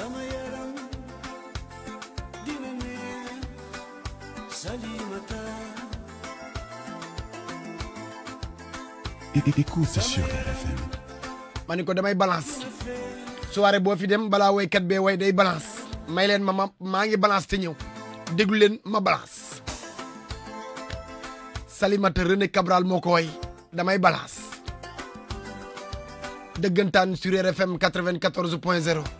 sama yaram dina neex Salimata écoute c'est sur RFM ma ni ko damay balance soirée boo fi dem balaa woykat bee way day balance may leen ma ma maa ngi balance te ñëw déglu leen ma balance Salimata René Cabral moo ko way damay balance dëggantaan sur RFM 94 point 0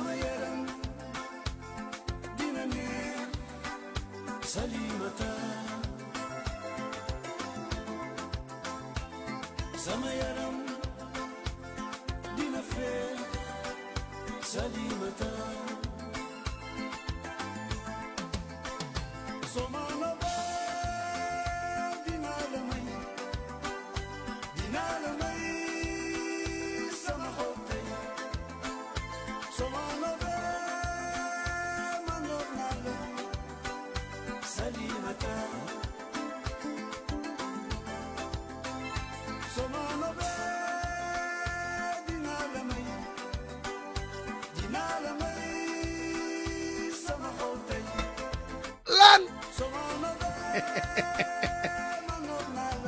Samayaram yaram dina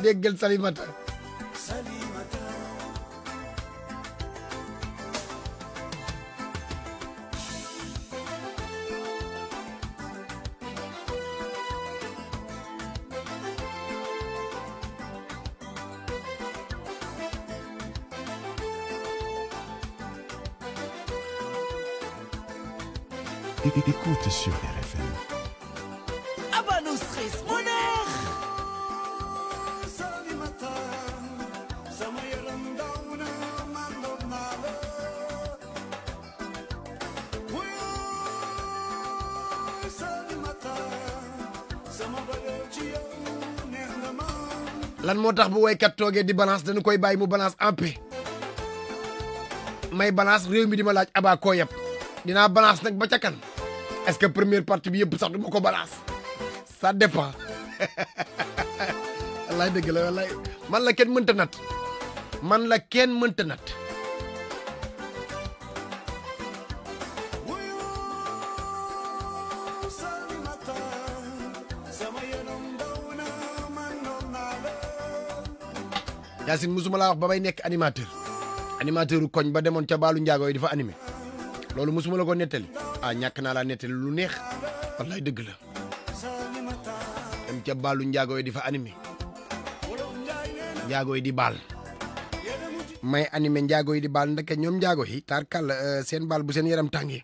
देख गेल सलीमत है lan moo tax bu woykat toogee di balance dañu koy bàyyi mu balance en paix may balance réew mi di ma laaj abaa koo yeb dinaa balance nag ba cakkan kan que première partie bi yëpp sax du ma ko balance ça dépend wallaay dëgg la wallaay man la kenn mënta nat man la kenn mënta nat Yacine musuma laa wax ba may nekk animateur animateur koñ ba demoon ca baalu njaago yi fa anime loolu musuma la ko nettali ah ñàkk naa laa nettali lu neex wallaay dëgg la dem ca baalu njaago yi di fa animé njaago yi di baal may animé njaago yi di baal ndeke ñoom njaago yi tarkal euh, seen baal bu seen yaram tàngee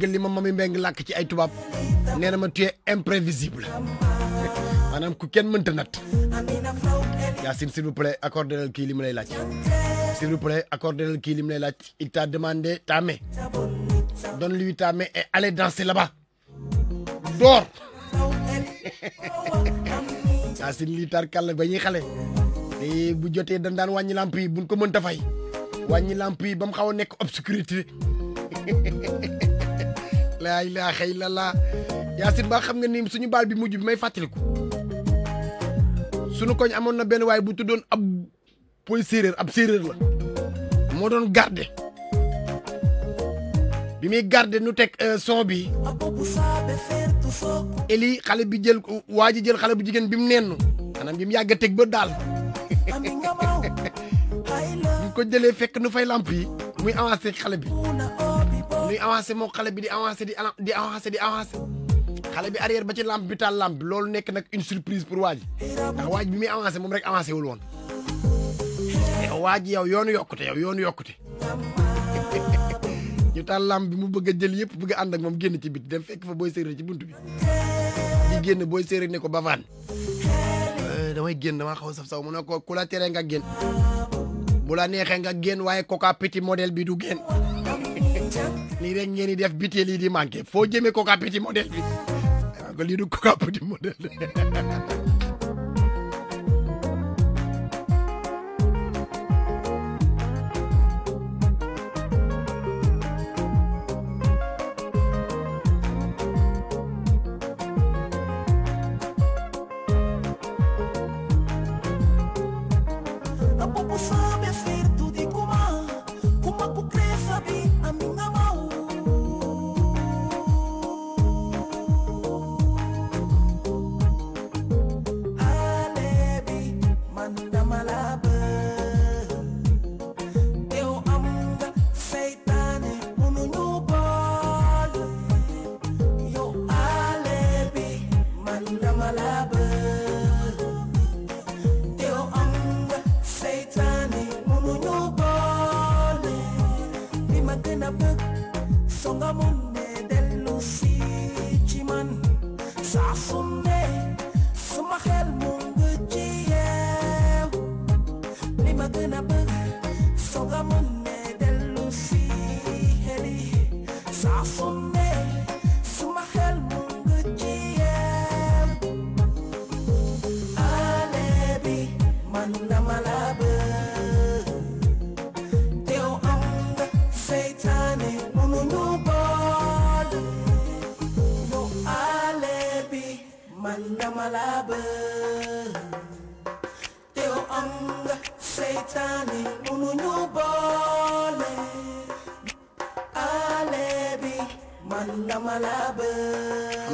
dégg li ma mami mbeng làkk ci ay tubaab nee na ma tu es imprévisible maanaam ku kenn mënta natt Yacine s'il vous plaît accordel kii li mu lay laaj s'il vous kii li mu lay laaj il t'a demandé ta main donne-lui ta main et allez danser là-bas dors Yacine lii tarkal ba ñuy xale te bu jotee dañ daan wàññi lamp yi buñ ko mënta fay wàññi lamp yi ba mu xaw a nekk obscurité laa ilaaha illallah yaasin ba xam nga ni suñu baal bi mujj bi may fàttaliku suñu koñ amoon na benn waaye bu tuddoon ab poy séeréer ab séeréer la moo doon garde bi muy garde nu teg euh, son bi eli xale bi jël waa ji jël xale bu jigéen bi mu nennu maanaam bi mu yàgg a teg ba daal ñu ko jëlee fekk nu fay lamp yi muy avancé xale bi avancer mo xalé bi di avancer di di avancer di avancer xalé bi arrière ba ci lampe bi lampe bi nek nak une surprise pour waa ji ndax waa bi mi avancer mom rek avancer wul won yow eh, yow yoonu yokute yow yoonu yokute ñu tal lampe bi mu bëgg jël yépp bëgg and ak mom genn ci bit dem fekk fa boy séeréer ci buntu bi di genn boy séeréer ne ko bafaan eh, damay genn dama xaw saf saw mu ne ko ku nga genn bula nexé nga genn waye coca petit model bi du genn lii rek ngeen di def bitéel yi di manqué foo jëmee coca petit modèle bi waaw lii du coca petit modèle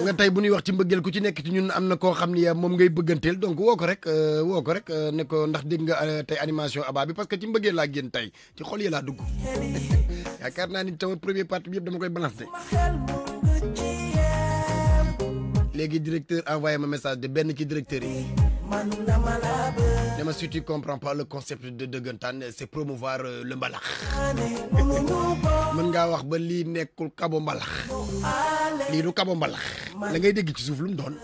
nga tey bu ñuy wax ci mbageel ku ci nekk ci ñun am na koo xam ni euh, moom ngay bëgganteel donc wooko rek euh, woo rek euh, ne ko ndax dégg nga tey animation Abba bi parce que ci mbëggeel laa génn tey ci xol yi laa dugg yaakaar naa ni taw premier partie bi yëpp dama koy balancé léegi directeur envoyé ma message de benn ci directeur yi. Ne me si tu comprends pas le concept de dëggantaan c'est promouvoir euh, le mbalax. mën ngaa wax ba li nekul kabo mbalax. Li du kabo mbalax. la ngay dégg ci souf lu mu doon.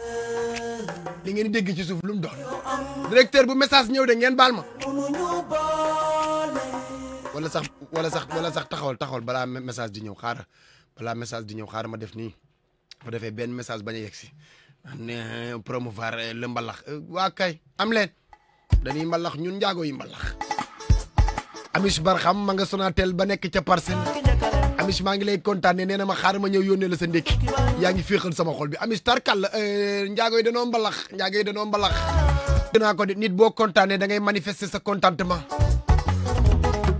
li ngeen dégg ci souf lu mu directeur bu message ñew de ngeen balma. wala sax wala sax wala sax taxawal taxawal balaa message di ñew xaaral balaa message di ñew xaaral ma def ni. Fa defee ben message baña yexi. yegg euh, promouvoir euh, le mbalax Wa kay am leen. dañuy mbalax ñun njaago yi mbalax Amish Barxam ma nga Sonatel ba nekk ca Parcelles Amish maa ngi lay kontaane nee na ma xaar ma ñëw yónnee la sa ndékki yaa ngi féexal sama xol bi Amish tarkal euh, njaago yi danoo mbalax njaago yi danoo mbalax dinaa ko di nit boo kontaanee da ngay manifester sa contentement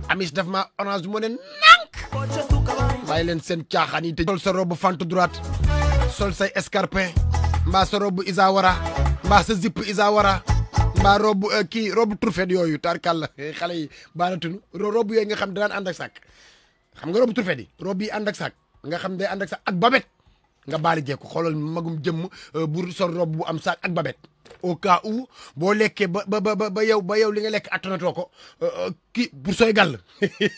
Amish daf ma orange mu ne nànk bàyyi leen seen caaxaan yi te sol sa robe fente droite sol say escarpin mbaa sa robe isawara mbaa sa zipp isawara mbaa rob euh, kii robu turfet yooyu tarkal eh, xale yi baanatunu robu yooyu nga xam danaan ànd ak sàkk xam nga robu turfet yi rob yi ànd ak sàkk nga xam day ànd ak sàkk ak babet nga baali jekku xoolal magum jëmm euh, bu sol rob bu am sàkk ak babet au cas u boo lekkee ba ba ba ba yow ba yow li nga lekk attanatoo ko euh, kii pour sooy gàll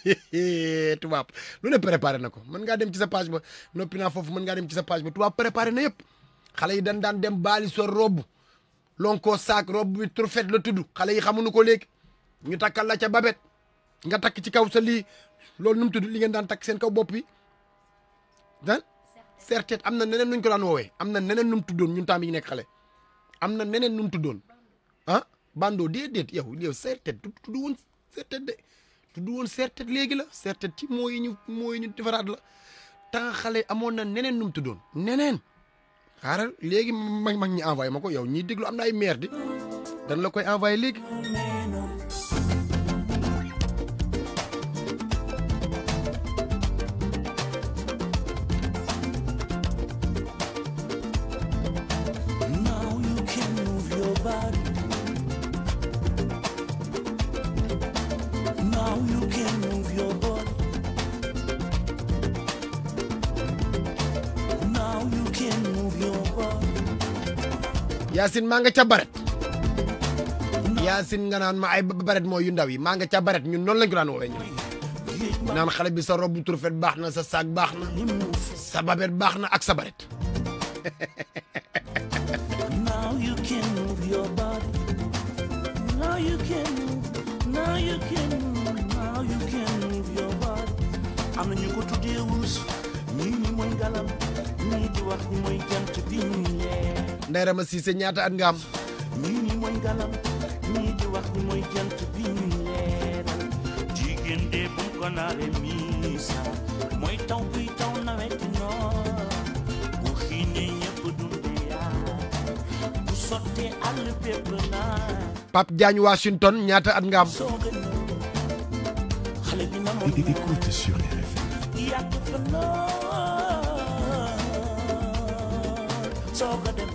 tubaab lu ne préparé na ko mën ngaa dem ci sa page ba noppi naa foofu mën ngaa dem ci sa page ba tubaab préparé na yëpp xale yi dañ daan dem baali sol rob lonko saak robe bi turfet la tudd xale yi xamuñu ko léegi ñu takkal la ca babet nga takk ci kaw sa lii loolu nu mu tudd li ngeen daan takk seen kaw bopp bi dan sertet am na neneen nuñ ko daan woowee am na neneen nu mu tuddoon ñun taam yi nekk xale am na neneen nu mu tuddoon ah bandoo déedéet yow yow sertet tudd woon sertet de léegi la sertet ci mooy ñu mooy ñu defaraat la temps xale amoon na neneen nu mu tuddoon neneen xaaral léegi mag mag ñi envoyé ma ko yow ñii déglu am na ay meer di dañ la koy envoyé léegi Yacine maa nga ca baret Yacine nga naan ma ay baret mooy yu ndaw yi maa nga ca baret ñun noonu lañ ko daan woowee ñu naan xale bi sa robu turfet baax na sa saag baax na sa babet baax na ak sa baret Ndeye Rama ñaata at nga am. Diagne Washington ñaata at nga xale bi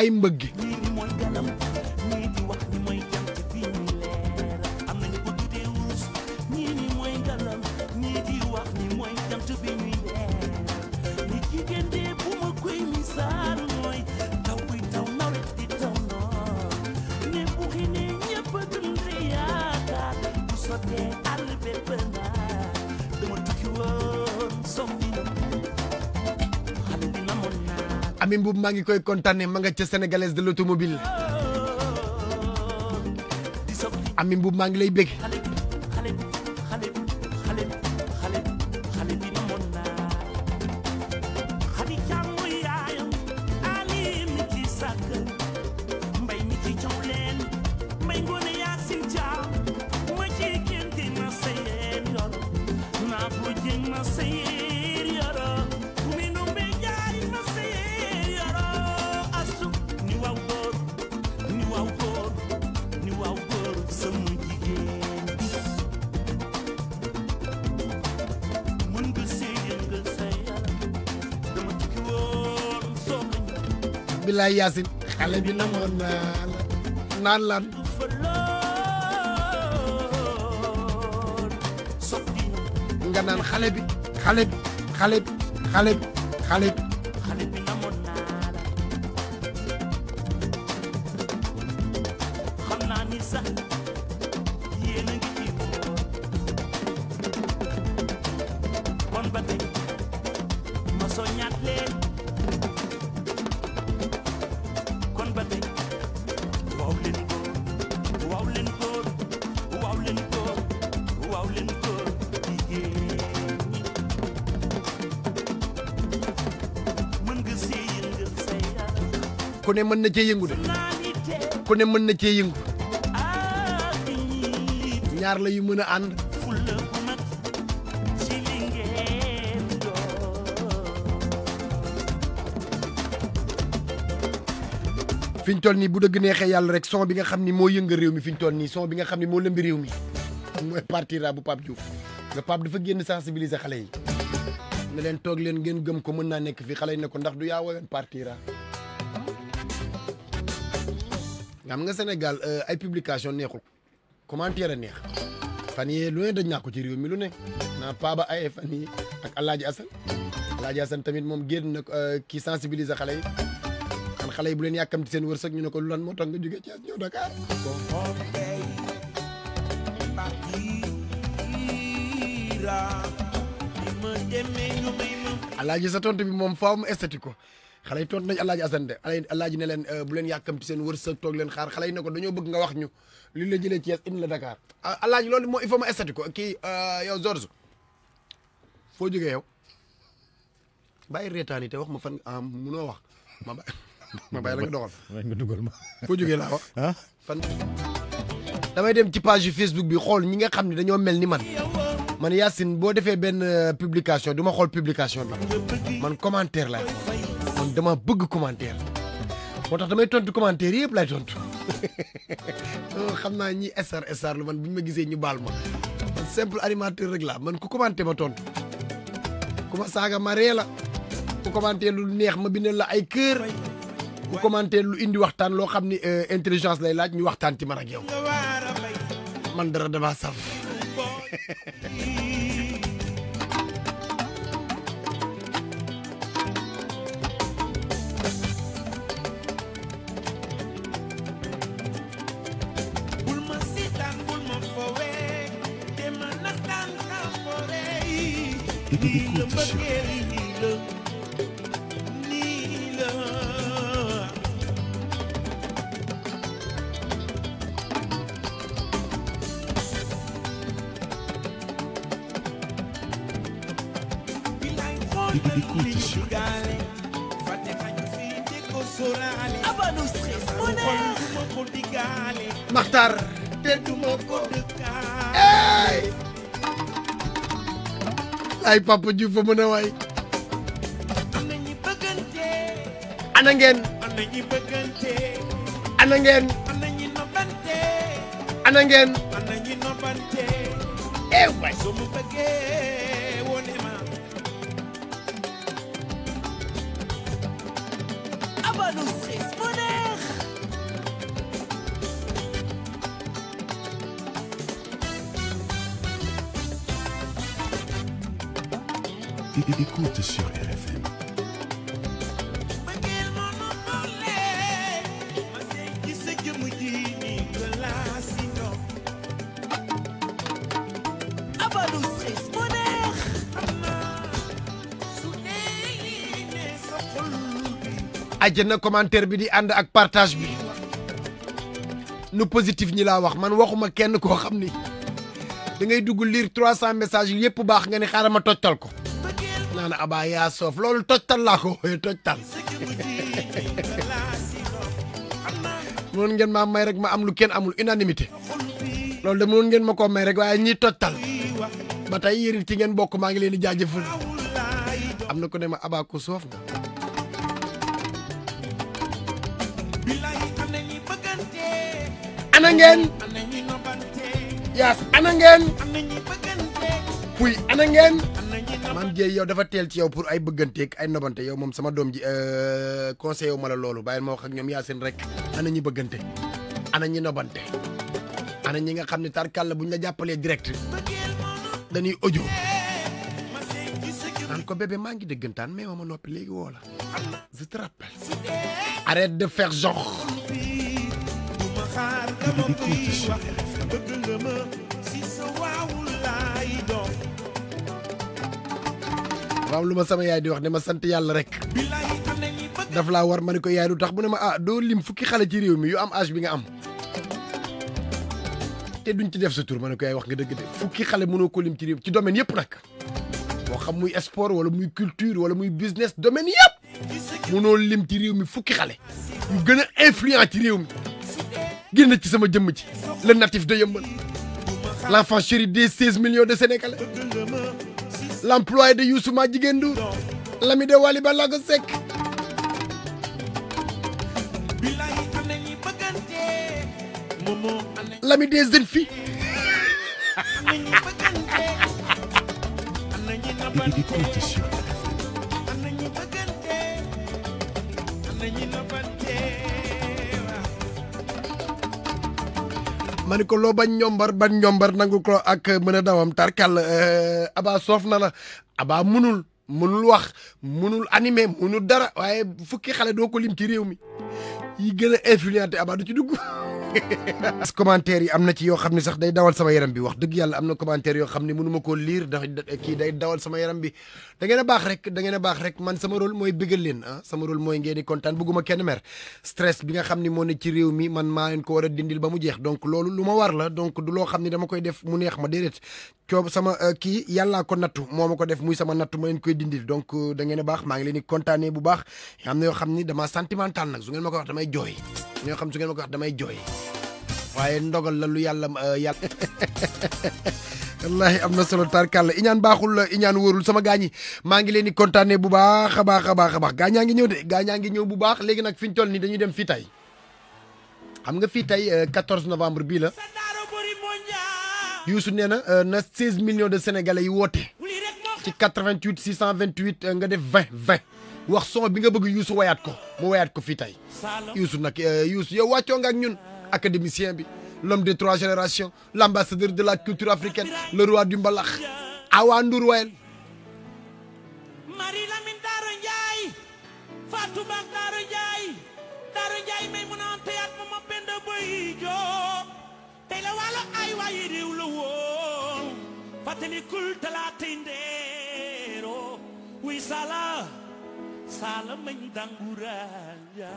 ay mbëgge maa ngi koy kontaane ma nga ca sénégalaise de l'automobile Ami Mbuub maa ngi lay bégg Abdoulaye Yacine xale bi namoon euh, naan lan nga naan xale bi xale bi xale bi xale bi xale bi ku ne mën na cee yëngu de ku ne mën na cee yëngu ñaar la yu mën a ànd fi ñu toll nii bu dëgg neexee yàlla rek son bi nga xam ni moo yëngal réew mi fiñ toll nii son bi nga xam ni moo lëmbi réew mi mooy partira bu pap Diouf le pap dafa génn sensibiliser xale yi ne leen toog leen ngeen gëm ko mën naa nekk fii xale yi ne ko ndax du yaa woyoon partira nga xam nga Sénégal euh, ay publication neexul commentaire a neex fan yee lu ne dañ naa ko ci réew mi lu ne naa Paaba ay fan yi ak Alaaji Asan Alaaji Asan tamit moom génn na euh, kii sensibiliser xale yi an xale yi bu leen yàkkamti seen wërsëg ñu ne ko lu lan moo tax nga jógee Thiès ñëw Dakar moom faaw mu esthétique ko xale yi tontu nañ alaaji Assane de alaaji ne leen eh, bu leen yàkkamti seen wërsëg toog leen xaar xale yi ne ko dañoo bëgg nga wax ñu li la jëlee Thiès indi la Dakar ah, alaaji loolu moo il faut ma estati ko kii eh, yow Georges foo jógee yow bàyyi reetaan te wax ma fan ah munoo wax ma bàyyi ma bàyyi la nga doxal. waaye nga dugal ma foo jógee laa wax. ah fan. damay dem ci page yu Facebook bi xool ñi nga xam ne dañoo mel ni man. man Yacine boo defee benn eh, publication du ma xool publication bi man commentaire man dama bëgg commentaire moo tax damay tontu commentaire yëpp lay tontu oh, xam naa ñi star star lu man bu ñu ma gisee ñu baal ma man simple animateur rek laa man ku commenté ma tontu ku ma saaga ma ree la ku commenté lu neex ma bindal la ay kër ku commenté lu indi waxtaan loo xam ni euh, intelligence lay laaj ñu waxtaan ci man ak yow man dara dama saf de l'écoute sur Maxtar te duma ko ay papa Diouf fa mën a waay. ana ngeen. ana ngeen. ana ngeen. ana ngeen. eh àjjana commentaire bi di ànd ak partage bi nu positif ñi laa wax man waxuma kenn koo xam ni dangay ngay dugg lire 300 messages yi yëpp baax nga ne xaaral ma toj tal ko naan abaa yaa soof loolu tojtal laa ko wooye tojtal mënoon ngeen maa may rek ma am lu kenn amul unanimité loolu de mënoon ngeen ma ko may rek waaye ñiy tojtal ba tey yërit ci ngeen bokk maa ngi leen di jaajëfal am na ko ne ma abaa ko soof nga anangen yas anangen ana ngeen puy ana ngeen maam yow dafa tel ci yow pour ay bëgganteeg ay nobante yow mom sama dom ji euh, conseil ma la loolu bàyyil ma wax ak ñom yasin rek ana ñi bëggante ana ñi nobante ana ñi nga xamni ne tarkàll buñ la jappalé direct dañuy audio man ko bébé mangi deugantane mais ma ma noppi léegi je te rappelle arrête de faire genre xaar dama koy wax bëgg nga ma si sa waawul laay dox waaw lu ma sama yaay di wax ne ma sant yàlla rek daf laa war ma ne ko yaay du tax bu ne ma ah doo lim fukki xale ci réew mi yu am âge bi nga am te duñ ci def sa tur ma ne ko yaay wax nga dëgg de fukki xale mënoo ko lim ci réew ci domaine yëpp nag moo xam muy sport wala muy culture wala muy business domaine yëpp mënoo lim ci réew mi fukki xale yu gën a influent ci réew mi génn ci sama jëmm ci le natif de Yeumbeul l'enfant chéri des 16 millions de sénégalais l'employé de Youssou Ma l'ami de Wali Balagosek. l'ami des ma ni ko loo bañ ñombar bañ ñombar nangu ko ak mën a dawam tarkal euh, abaa soof na la abaa munul munul wax munul anime munul dara waaye fukki xale doo ko lim ci réew mi yi gën a influenté Abba du ci dugg. parce que commentaire yi am ci yoo xam sax day dawal sama yaram bi wax dëgg yàlla am na commentaire yoo xam ne mënu ma lire ndax kii day dawal sama yaram bi da ngeen a baax rek da ngeen a baax rek man sama rôle mooy bëggal leen ah sama rôle mooy ngeen di kontaan bëgguma kenn mer stress bi nga xam ne moo ne ci réew mi man maa leen ko war dindil ba mu jeex donc loolu lu ma war la donc du loo xam dama koy def mu neex ma déedéet coob sama euh, ki yàllaa ko nattu moo ma ko def muy sama nattu ma leen koy dindil donc euh, da ngeen a baax maa ngi leen di kontaanee bu baax am na yoo dama sentimental nag su ngeen ma wax damay jooy ñoo xam su ngeen ma ko wax damay jooy waaye ndogal la lu yàlla euh, yàlla wallaahi am na solo kàlla iñaan baaxul la iñaan wóorul sama gaa ñi maa ngi leen di kontaanee bu baax a baax a baax a baax ngi ñëw de gaa ñaa ngi ñëw bu baax léegi nag fi ñu toll nii dañuy dem fii tey xam nga fii tey 14 euh, novembre bii la Youssou nee na euh, na 16 millions de sénégalais yi woote ci 88 628 nga def 20 20. wax son bi nga bëgg Youssou wayaat ko mu wayaat ko fii tey Youssou nag euh, yow wàccoo nga ñun académicien bi l'homme des trois générations l'ambassadeur de la culture africaine le roi du mbalax Awa Ndour wayel Marie Lamine Daaro Ndiaye Fatou Bak Daaro may mën a ma ma bend boy jo tey la wàllu ay waayi réew la woon fàttalikul talaata ndeero wuy sala sala mendanguraya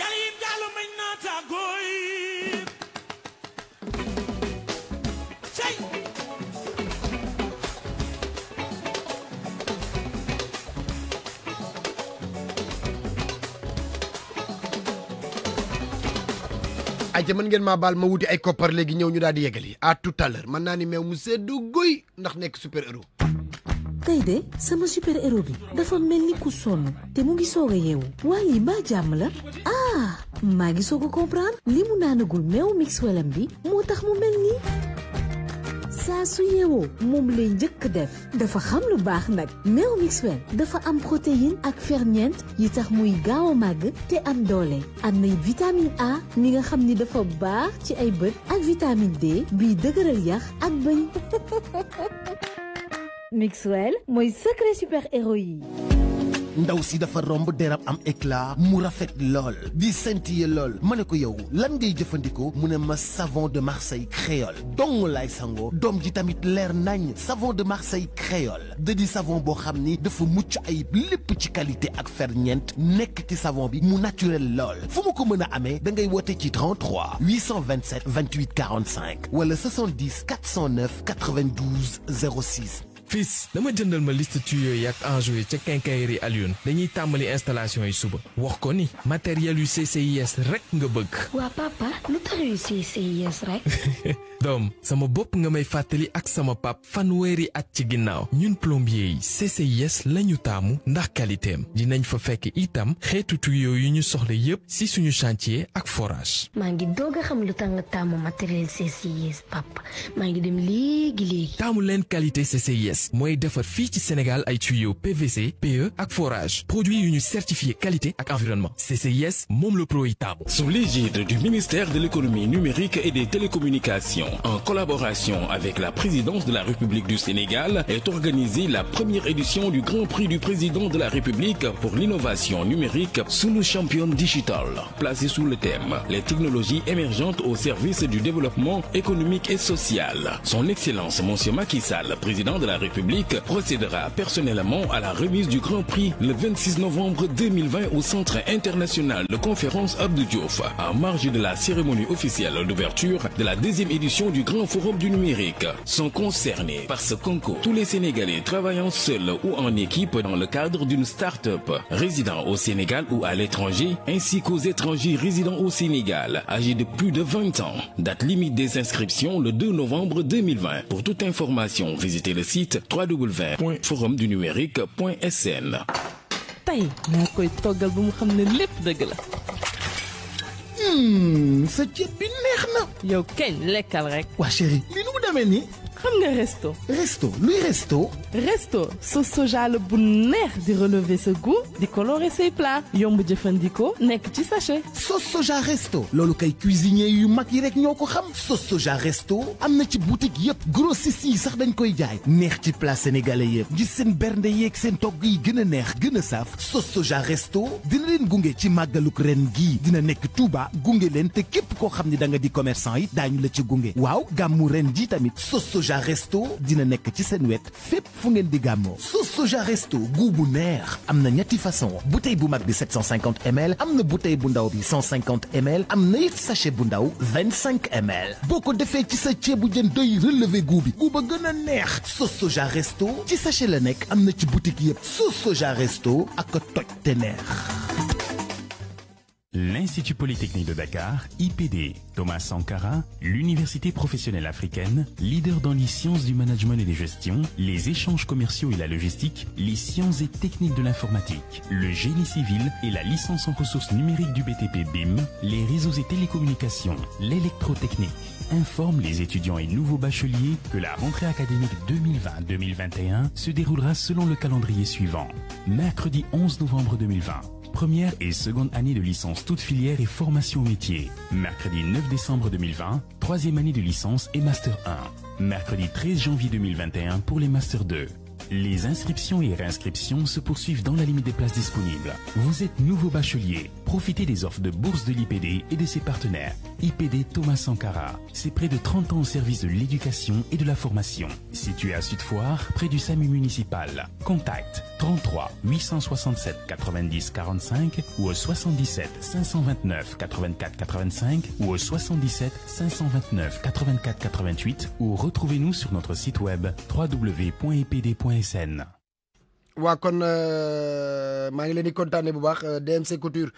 Jalim jalo mën ngeen maa baal ma wuti ay koppar léegi ñëw ñu daal di yegali à tout à l'heure mën naa ni meew mu seddu guy ndax nekk super héros tey de sama super héros bi dafa mel ni ku sonn te mu ngi soog a yeewu waaye lii mbaa jàmm la ah maa ngi soog a comprendre li mu naanagul meew mix bi moo tax mu mel nii saa su yeewoo moom lay njëkk def dafa xam lu baax nag meew mixwell dafa am protéine ak ferñeent yi tax muy gaaw a màgg te am doole am nay vitamine A mi nga xam ni dafa baax ci ay bët ak vitamine D biy dëgëral yax ak bëñ Mixwell moi secret super héroïne ndaw si dafa romb derab am éclat mu rafet lol, di scintiller lol. ma ko yow lan ngay jëfëndiko mu ma savon de Marseille créole dong laay sangoo Dom ji tamit lèr nañ savon de Marseille créole De di savon bo xamni ni dafa mucc ayib lépp ci qualité ak ci savon bi mu naturel lol. fumu ko mëna amé da ngay woté ci 33 827 28 45 wala 70 409 92 06 fils dama jëndal ma liste tuyaux yi ak enjoué ca quincaillerie Alioune dañuy tàmbali installation yi suba wax ko ni matériel yu CCIS rek nga bëgg. waa papa lu tax yu CCIS rek. doom sama bopp nga may fàttali ak sama pap fanweeri at ci ginnaaw ñun plombier yi CCIS lañu taamu ndax qualité am dinañ fa fekk itam xeetu tuyaux yu ñu soxla yépp ci suñu chantier ak forage. maa ngi doog a xam lu tax nga taamu matériel CCIS papa maa ngi dem léegi léegi. taamu leen qualité CCIS. Sénégal ay tuyaux PVC PE ak forage produit une certifié qualité ak environnement CCIS mom le Sous l'égide du ministère de l'économie numérique et des télécommunications en collaboration avec la présidence de la République du Sénégal est organisée la première édition du Grand Prix du président de la République pour l'innovation numérique sous le champion digital placé sous le thème les technologies émergentes au service du développement économique et social. Son Excellence Monsieur Macky président de la République public procédera personnellement à la remise du Grand Prix le 26 novembre 2020 au Centre international de conférence Abdou Diouf, en marge de la cérémonie officielle d'ouverture de la deuxième édition du Grand Forum du numérique. Sont concernés par ce concours tous les Sénégalais travaillant seuls ou en équipe dans le cadre d'une start-up, résidant au Sénégal ou à l'étranger, ainsi qu'aux étrangers résidant au Sénégal, âgés de plus de 20 ans. Date limite des inscriptions le 2 novembre 2020. Pour toute information, visitez le site site www.forumdunumérique.sn tey naa koy toggal ba mu xam ne lépp dëgg la hmm, sa ceeb bi neex yow kañ lekkal rek Wa chérie li nu mu demee xam nga resto. resto luy resto. resto sauce soja la bu neex di relever sa goût di colorer say plat yomb jëfandikoo nekk ci sachet. sauce soja resto loolu kay cuisinier yu mag yi rek ñoo ko xam sauce soja resto am na ci boutique yëpp grossistes yi sax dañ koy jaay neex ci plat sénégalais yëpp gis seen bernde yeeg seen togg yi gën a neex gën a saaf sauce soja resto dina leen gunge ci màggaluk ren gii dina nekk Touba gunge leen te képp koo xam ni da nga di commerçant yi daañu la ci gunge waaw gàmmu ren ji tamit sauce soja Soja Resto dina nek ci seen wet fep fu ngeen di gamo sauce Soja Resto goût bu neex ñetti façon bouteille bu mag bi 750 ml Amne bouteille bu ndaw bi 150 ml Amne na sachet bu ndaw 25 ml Beaucoup defé ci sa ceebu jeun doy relever goût bi goût ba neex sauce Soja Resto ci sachet la nek amna ci boutique sauce Soja Resto ak toj tener. neex l'Institut Polytechnique de Dakar, IPD, Thomas Sankara, l'Université professionnelle africaine, leader dans les sciences du management et des gestions, les échanges commerciaux et la logistique, les sciences et techniques de l'informatique, le génie civil et la licence en ressources numériques du BTP BIM, les réseaux et télécommunications, l'électrotechnique, informe les étudiants et nouveaux bacheliers que la rentrée académique 2020-2021 se déroulera selon le calendrier suivant. Mercredi 11 novembre 2020 première et seconde année de licence toute filière et formation métier. Mercredi 9 décembre 2020, troisième année de licence et master 1. Mercredi 13 janvier 2021 pour les master 2. Les inscriptions et réinscriptions se poursuivent dans la limite des places disponibles. Vous êtes nouveau bachelier. Profitez des offres de bourse de l'IPD et de ses partenaires. IPD Thomas Sankara, c'est près de 30 ans au service de l'éducation et de la formation. Situé à Sud-Foire, près du SAMU municipal. Contact 33 867 90 45 ou au 77 529 84 85 ou au 77 529 84 88 ou retrouvez-nous sur notre site web www.ipd.fr scène. waa kon euh, maa ngi leen di kontaanee bu baax euh, DMC Couture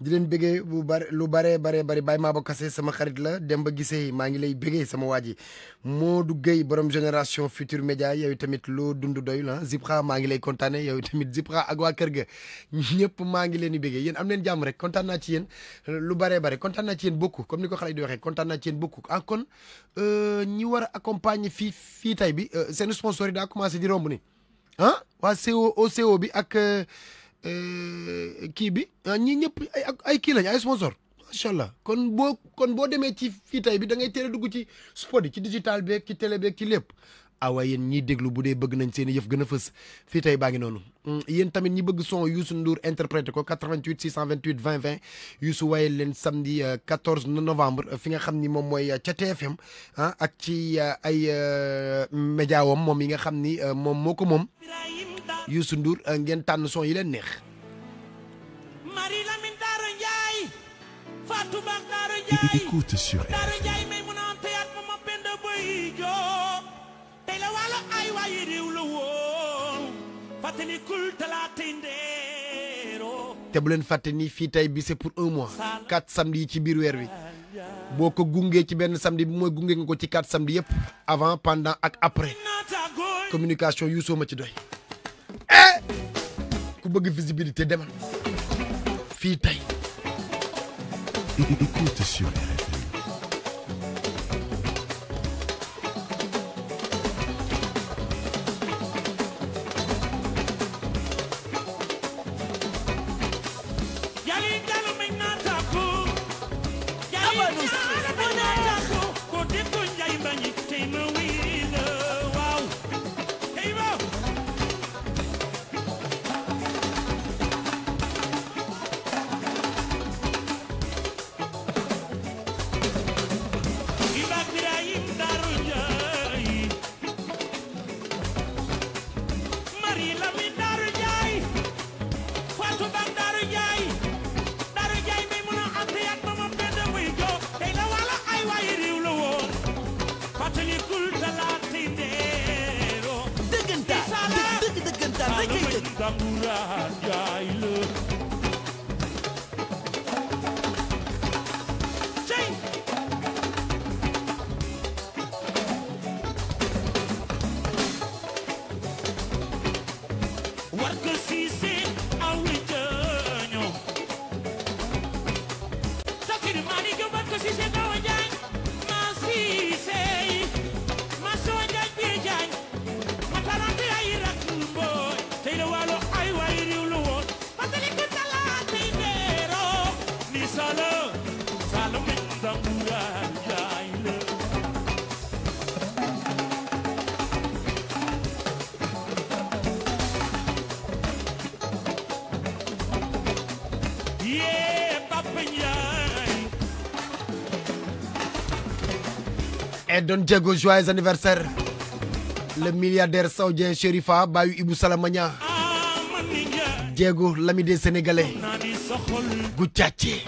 di leen bëggee bu bare lu baree baree bari Baye Mabo Kassé sama xarit la dem ba gisee maa ngi lay bëggee sama waa ji Modou Gueye borom génération Futur Média yow tamit lu dundu doy la ah. Zipra maa ngi lay kontaanee yow tamit Zipra ak waa kër ga ñëpp maa ngi leen di bëggee yéen am leen jàmm rek kontaan naa ci yéen lu baree bare kontaan naa ci yéen beaucoup comme ni ko xale di waxee kontaan naa ci yéen beaucoup ah kon euh, war a accompagner fii fii tay bi seen sponsor yi commencé di ni ah waa CO O bi ak euh, kii bi ah, ñi ñëpp ay kii lañ ay sponsor macha allah kon boo kon boo demee ci fii tey bi da ngay teel a dugg ci yi ci digital beeg ci télé beeg ci lépp awa yéen ñiy déglu bu dee bëgg nañ seen yëf gën a fës fii tey baa ngi noonu mm, yéen tamit ñi bëgg son Youssou Ndour interprété ko 88 628 2020 20 wayel leen samedi 14 euh, novembre euh, fi nga xam ni moom mooy euh, ca TFM ah, ak ci ay média wam moom yi nga xam ni moom moo ko moom Ndour ngeen tànn son yi leen neex. Fatou Écoute sur te bu leen fàtte nii fii tey bi c'est pour un mois quatre samedi yi ci biir weer wi boo ko gungee ci benn samedi bi mooy gunge nga ko ci quatre samedi yëpp avant pendant ak après communication yuusoo ma ci doy eh ku bëgg visibilité demal fii tey Et Don Diego, joyeux anniversaire. Le milliardaire saoudien Sherifa Bayou ibu Salamania. Diego, l'ami des Sénégalais. Goutiachi.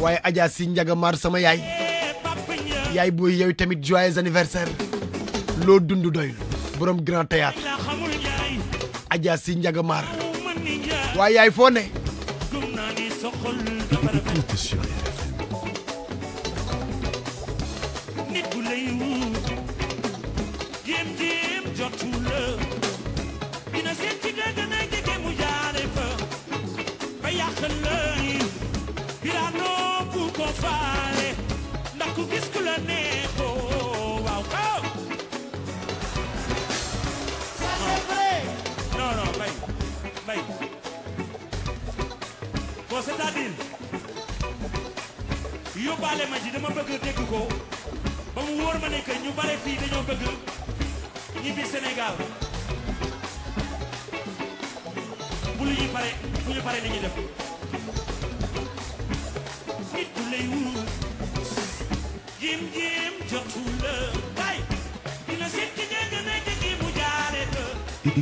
waaye Adja si Mar sama yaay yai booy yow tamit joyeux anniversaire lo dund doyul borom grand théâtre Adja si Ndiaga Mar waaye yaay sur elle.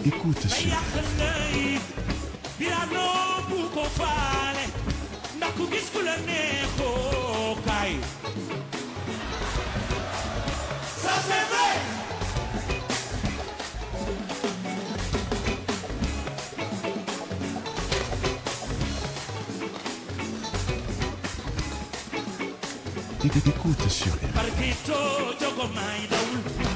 Écoute ça. Ça c'est vrai. Écoute sur Partito gioco mai da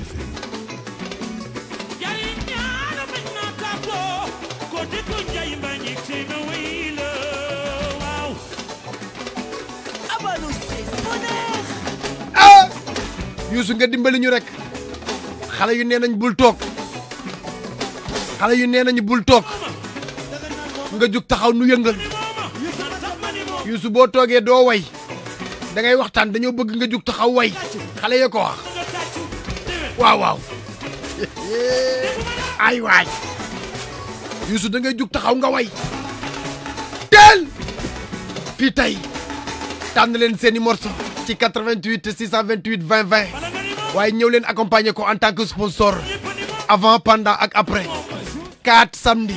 yusuf nga dimbali ñu rek xalé yu nenañ bul tok xalé yu nenañ bul tok nga juk taxaw nu yëngal yuusu bo toge do way da ngay waxtaan dañu bëgg nga juk taxaw way xalé ya ko wax waaw waaw ay way yuusu da ngay juk taxaw nga way pitay tan len seni morceau 88 628 2020 20 waaye en tant que sponsor avant pendant ak après 4 samedi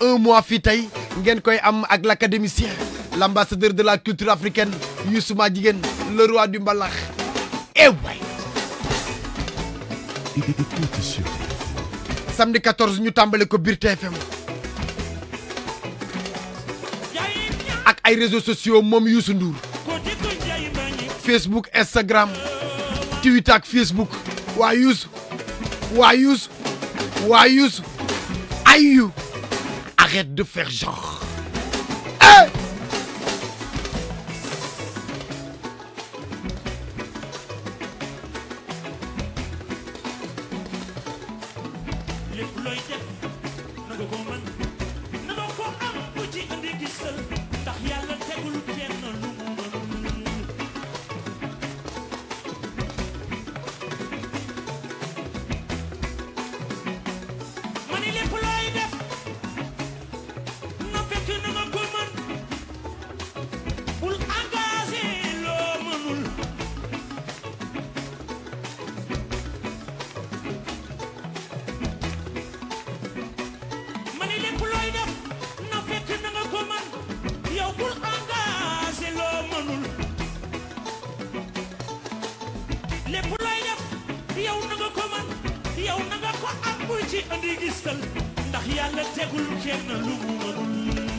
un mois fii tey ngeen koy am ak de la culture africaine Youssouma le roi du mbalax eh ouais samedi 14 ñu tàmbale ko biir TFM ak ay réseaux sociaux moom Youssou Ndour facebook instagram twitter facebook use? Why Wayouz, Why use? Are you? arrête de faire genre lépp looy def yow na nga ko man yow na nga ko am muy ci andi gistal ndax yàlla tegul kenn na mu mënul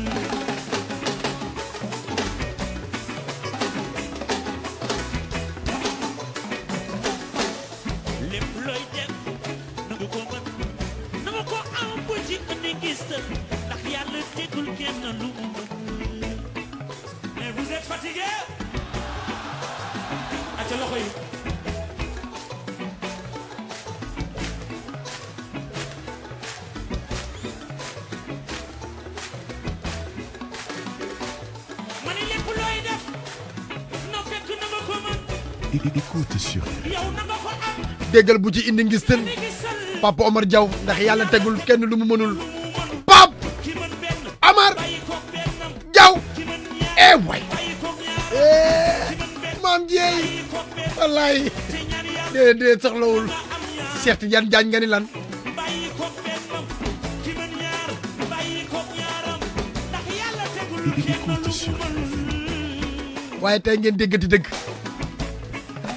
déggal bu ci indi ngistal Papa Omar Diaw ndax yàlla tegul kenn lu mu mënul Pap Omar Diaw eh way maam jan wallaay déedéet soxlawul Cheikh Tidiane Diagne nga ni lan waaye tey ngeen déggati dëgg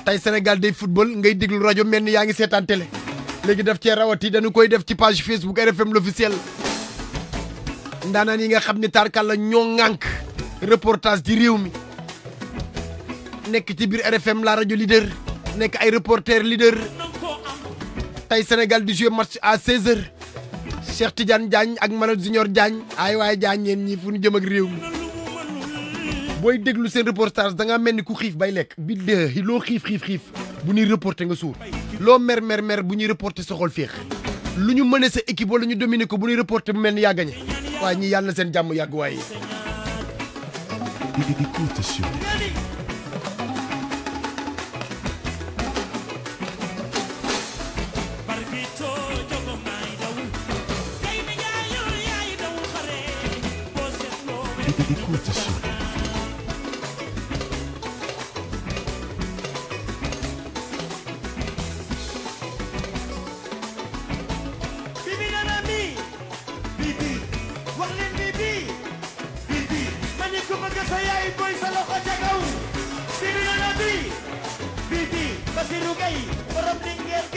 tey Sénégal de football ngay déglu rajo mel ni yaa ngi seetaan télé léegi def cee rawati dañu koy def ci page Facebook RFM l'officiel ndaanaan yi nga xam ne tarkal la ñoo ŋànk reportage di réew mi nekk ci biir RFM la rajo leader nekk ay reporter leader tey Sénégal di jouer match à 16h Cheikh Tidiane Diagne ak Malal Junior Diagne ay waay Diagne yéen ñi fu ñu jëm ak réew mi. booy déglu seen reportage da ngaa mel ni ku xiif bay lekk bi de loo xiif xiif xiif bu ñuy reporter nga suur loo mer mer mer bu ñuy reporté soxol féex lu ñu mëne sa équipe wala ñu dominé ko bu ñuy reporter bu mel ni yaa gañe waaye ñi yàlla na seen jàmm yàgg waaye écoute sur Basiru Gaye borom Linguère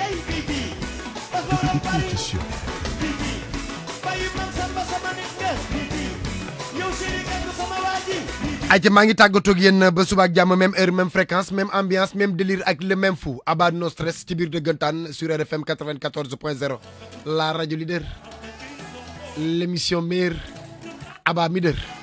ba même heure même fréquence même ambiance même délire avec le même fou Abad No Stress ci de dëggantaan sur RFM 94.0, la radio leader L'émission mère, Abad Abba